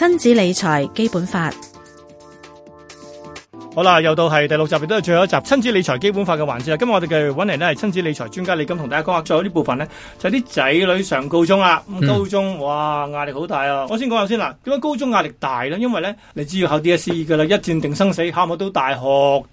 《親子理財基本法》好啦，又到係第六集，亦都係最後一集《親子理財基本法》嘅環節啦。今日我哋嘅揾嚟呢係親子理財專家李金同大家講下最後呢部分呢，就係啲仔女上高中啦。咁、嗯、高中哇壓力好大啊、哦！我先講下先啦。點解高中壓力大咧？因為呢，你只要考 DSE 噶啦，一戰定生死。考唔到大學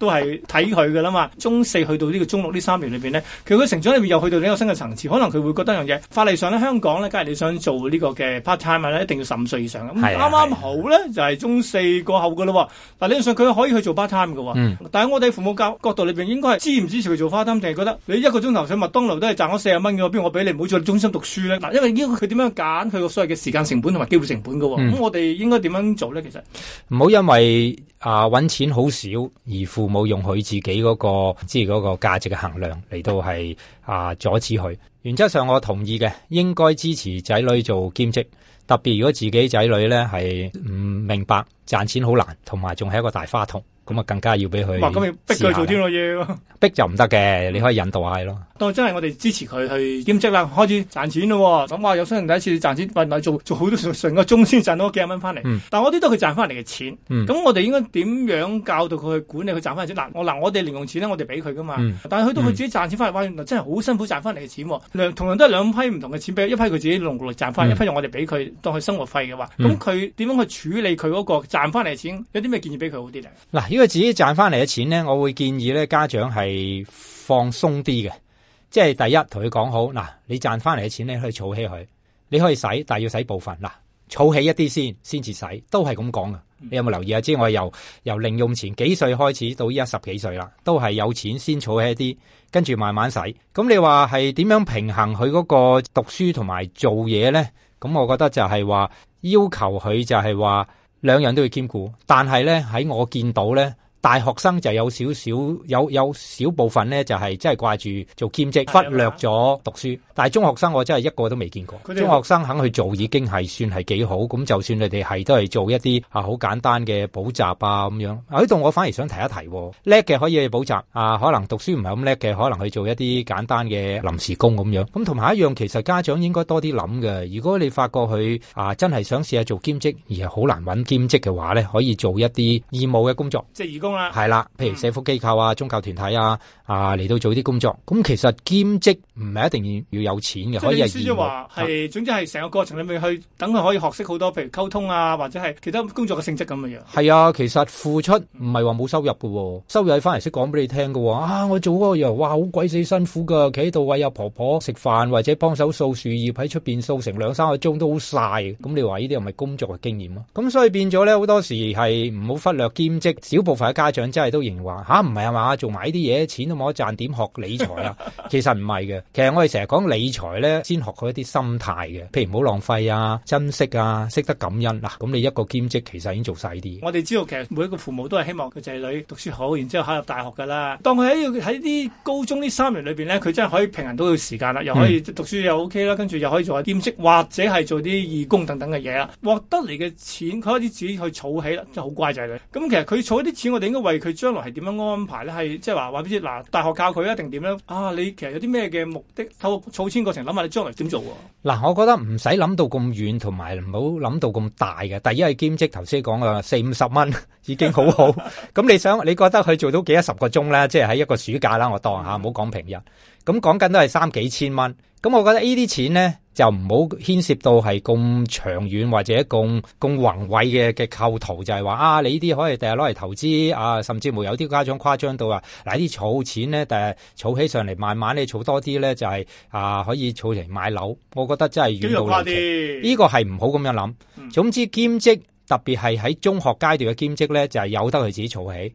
都係睇佢噶啦嘛。中四去到呢個中六呢三年裏面呢，佢佢成長裏面又去到呢個新嘅層次。可能佢會覺得一樣嘢，法例上呢，香港呢，梗係你想做呢個嘅 part time 咧，一定要十五歲以上。咁啱啱好呢，就係、是、中四過後噶咯喎。嗱，理論上佢可以去做嘅、嗯、喎，但係我哋父母教角度裏邊，應該係支唔支持佢做花攤，定係覺得你一個鐘頭上麥當勞都係賺咗四十蚊嘅，邊我俾你，唔好再專心讀書咧。嗱，因為呢個佢點樣揀佢個所謂嘅時間成本同埋機會成本嘅，咁、嗯、我哋應該點樣做咧？其實唔好因為啊搵錢好少而父母用佢自己嗰、那個之嗰個價值嘅衡量嚟到係啊阻止佢。原則上我同意嘅，應該支持仔女做兼職，特別如果自己仔女咧係唔明白賺錢好難，同埋仲係一個大花筒。咁咪更加要畀佢，哇噉逼佢做啲乜嘢咯，逼就唔得嘅，你可以引導下佢咯。當真係我哋支持佢去兼職啦，開始賺錢咯、哦。咁話有新人第一次賺錢，原來做做好多成個鐘先賺到幾廿蚊翻嚟。但我啲都佢賺翻嚟嘅錢。咁、嗯、我哋應該點樣教到佢去管理佢賺翻嚟錢？嗱、嗯，嗱、啊、我哋零用錢咧，我哋俾佢噶嘛。嗯、但係去到佢自己賺錢翻嚟，哇、嗯，真係好辛苦賺翻嚟嘅錢、哦。喎。同樣都係兩批唔同嘅錢俾一批佢自己努力賺翻，一批用我哋俾佢當佢生活費嘅話，咁佢點樣去處理佢嗰個賺翻嚟嘅錢？有啲咩建議俾佢好啲咧？嗱，呢個自己賺翻嚟嘅錢咧，我會建議咧家長係放鬆啲嘅。即係第一，同佢講好嗱，你賺翻嚟嘅錢咧，可以儲起佢，你可以使，但係要使部分嗱，儲起一啲先，先至使，都係咁講噶你有冇留意啊？即係我由由零用錢幾歲開始到依家十幾歲啦，都係有錢先儲起一啲，跟住慢慢使。咁你話係點樣平衡佢嗰個讀書同埋做嘢咧？咁我覺得就係話要求佢就係話兩樣都要兼顧，但係咧，喺我見到咧。大學生就有少少有有少部分呢就係真係掛住做兼職，忽略咗讀書。但係中學生我真係一個都未見過。中學生肯去做已經係算係幾好。咁就算你哋係都係做一啲啊好簡單嘅補習啊咁樣。喺度我反而想提一提，叻嘅可以去補習啊，可能讀書唔係咁叻嘅，可能去做一啲簡單嘅臨時工咁樣。咁同埋一樣，其實家長應該多啲諗嘅。如果你發覺佢啊真係想試下做兼職，而係好難揾兼職嘅話呢，可以做一啲義務嘅工作。即係如果。係、嗯、啦，譬如社福機構啊、宗教團體啊，啊嚟到做啲工作，咁其實兼職唔係一定要有錢嘅，可以係義務。係，總之係成個過程裏面去等佢可以學識好多，譬如溝通啊，或者係其他工作嘅性質咁嘅樣、嗯。係啊，其實付出唔係話冇收入嘅、哦，收入翻嚟識講俾你聽嘅、哦，啊，我做嗰個又哇，好鬼死辛苦噶，企喺度餵阿婆婆食飯，或者幫手掃樹葉喺出邊掃成兩三個鐘都好晒，咁、嗯、你話呢啲係咪工作嘅經驗啊？咁所以變咗咧，好多時係唔好忽略兼職，少部分。家長真係都認話吓唔係啊嘛，做埋呢啲嘢，錢都冇得賺，點學理財啊？ 其實唔係嘅，其實我哋成日講理財咧，先學佢一啲心態嘅，譬如唔好浪費啊，珍惜啊，識得感恩嗱。咁、啊、你一個兼職其實已經做晒啲。我哋知道其實每一個父母都係希望個仔女讀書好，然之後考入大學噶啦。當佢喺喺啲高中呢三年裏邊咧，佢真係可以平衡到佢時間啦，又可以讀書又 OK 啦，跟住又可以做下兼職或者係做啲義工等等嘅嘢啦。獲得嚟嘅錢，佢開始自己去儲起啦，真係好乖仔女。咁其實佢儲啲錢，我哋。應該為佢將來係點樣安排咧？係即係話，話俾你知嗱，大學教佢一定點樣啊，你其實有啲咩嘅目的？透過儲錢過程諗下，你將來點做？嗱，我覺得唔使諗到咁遠，同埋唔好諗到咁大嘅。第一係兼職，頭先講啊，四五十蚊已經好好。咁 你想你覺得佢做到幾多十個鐘咧？即係喺一個暑假啦，我當下唔好講平日。咁講緊都係三幾千蚊。咁，我覺得呢啲錢咧就唔好牽涉到係咁長遠或者咁咁宏偉嘅嘅構圖，就係話啊，你呢啲可以第日攞嚟投資啊，甚至乎有啲家長誇張到話嗱啲儲錢咧，第日儲起上嚟，慢慢你儲多啲咧，就係，就係啊可以儲嚟買樓。我覺得真係遠到離奇，呢個係唔好咁樣諗。總之兼職。特別係喺中學階段嘅兼職呢，就係、是、有得佢自己儲起，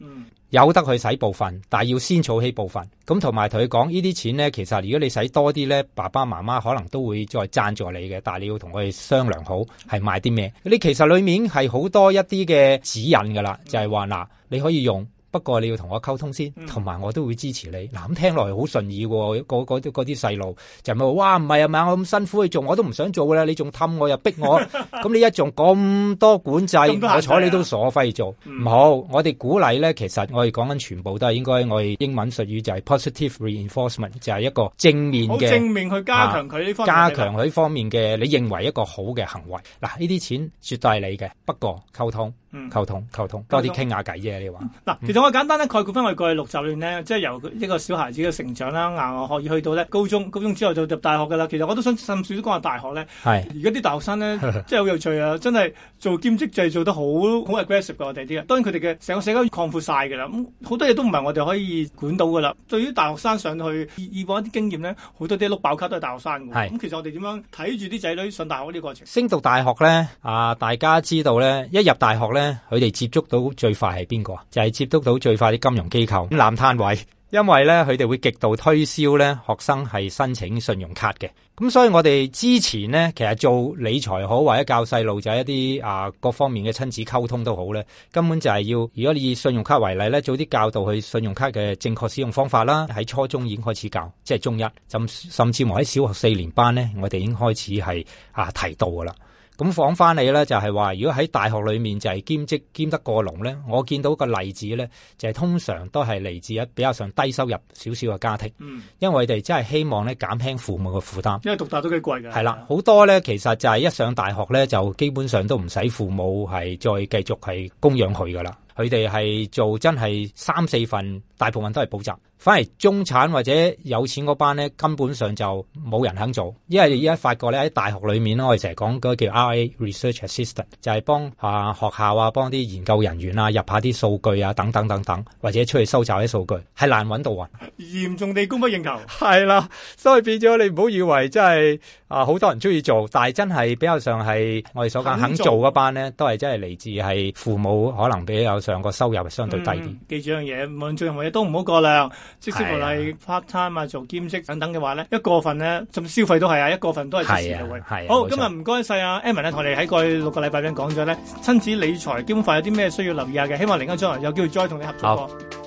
有得去使部分，但係要先儲起部分。咁同埋同佢講呢啲錢呢，其實如果你使多啲呢，爸爸媽媽可能都會再贊助你嘅。但係你要同佢哋商量好係買啲咩。你其實裏面係好多一啲嘅指引噶啦，就係話嗱，你可以用。不過你要同我溝通先，同、嗯、埋我都會支持你。嗱，咁聽落嚟好順意喎，嗰啲細路就咪話：哇，唔係啊嘛，我咁辛苦去做，我都唔想做啦！你仲氹我又逼我，咁 你一仲咁多管制，我睬你都傻閪做。唔、嗯、好，我哋鼓勵咧，其實我哋講緊全部都係應該，我哋英文術語就係 positive reinforcement，就係一個正面嘅，正面去加強佢呢方面、啊，加強佢呢方面嘅你認為一個好嘅行為。嗱，呢啲錢絕對係你嘅，不過溝通。嗯，溝通溝通，多啲傾下偈啫，你話。嗱、嗯，其實我簡單概括分為過去六十年呢，即、嗯、係由一個小孩子嘅成長啦，然後可以去到咧高中，高中之後就入大學㗎啦。其實我都想甚至都講下大學呢。係。而家啲大學生呢， 真係好有趣啊！真係做兼職制做得好好 aggressive 㗎，我哋啲。當然佢哋嘅成個社交擴闊晒㗎啦。咁好多嘢都唔係我哋可以管到㗎啦。對於大學生上去以往一啲經驗呢，好多啲碌爆卡都係大學生㗎。咁其實我哋點樣睇住啲仔女上大學呢個過程？升讀大學呢？啊大家知道呢，一入大學呢。佢哋接觸到最快係邊個？就係接觸到最快啲金融機構攬攤位，因為咧佢哋會極度推銷咧學生係申請信用卡嘅。咁所以我哋之前咧，其實做理財好或者教細路仔一啲啊各方面嘅親子溝通都好咧，根本就係要，如果你以信用卡為例咧，做啲教導去信用卡嘅正確使用方法啦。喺初中已經開始教，即係中一，甚甚至乎喺小學四年班咧，我哋已經開始係啊提到噶啦。咁講返嚟咧，就係話，如果喺大學裏面就係兼職兼得過龍咧，我見到個例子咧，就係通常都係嚟自一比較上低收入少少嘅家庭，嗯、因為佢哋真係希望咧減輕父母嘅負擔。因為讀大都幾貴㗎。係啦，好多咧其實就係一上大學咧，就基本上都唔使父母係再繼續係供養佢㗎啦。佢哋係做真係三四份，大部分都係補習，反而中產或者有錢嗰班咧，根本上就冇人肯做。因為依家發覺咧喺大學裏面，我哋成日講嗰個叫 RA Research Assistant，就係幫啊學校啊幫啲研究人員啊入一下啲數據啊等等等等，或者出去收集啲數據，係難揾到啊。嚴重地供不應求。係啦，所以變咗你唔好以為真係啊好多人中意做，但係真係比較上係我哋所講肯做嗰班咧，都係真係嚟自係父母可能比較。上個收入係相對低啲。記住樣嘢，無論做任何嘢都唔好過量。即使例如 part time 啊、做兼職等等嘅話咧，一過分咧，甚至消費都係啊，一過分都係時就會。好，今日唔該曬啊，阿文啊，同你喺過去六個禮拜已經講咗咧，親子理財基本法有啲咩需要留意下嘅，希望嚟緊將來有機會再同你合作。